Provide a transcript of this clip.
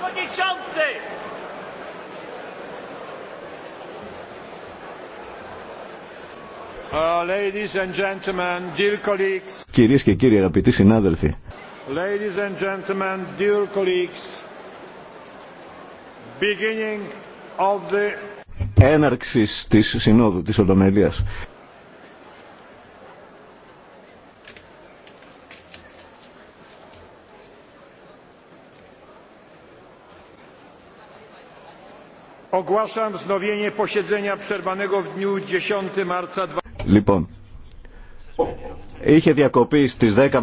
przewodniczący! Uh, ladies and gentlemen, dear colleagues. Κυρίες και κύριοι αγαπητοί συνάδελφοι. Ladies and gentlemen, dear colleagues. Beginning of the έναρξης της Συνόδου της Ολομελίας. Ogłaszam wznowienie posiedzenia przerwanego w dniu 10 marca. Λοιπόν, είχε διακοπεί στις 10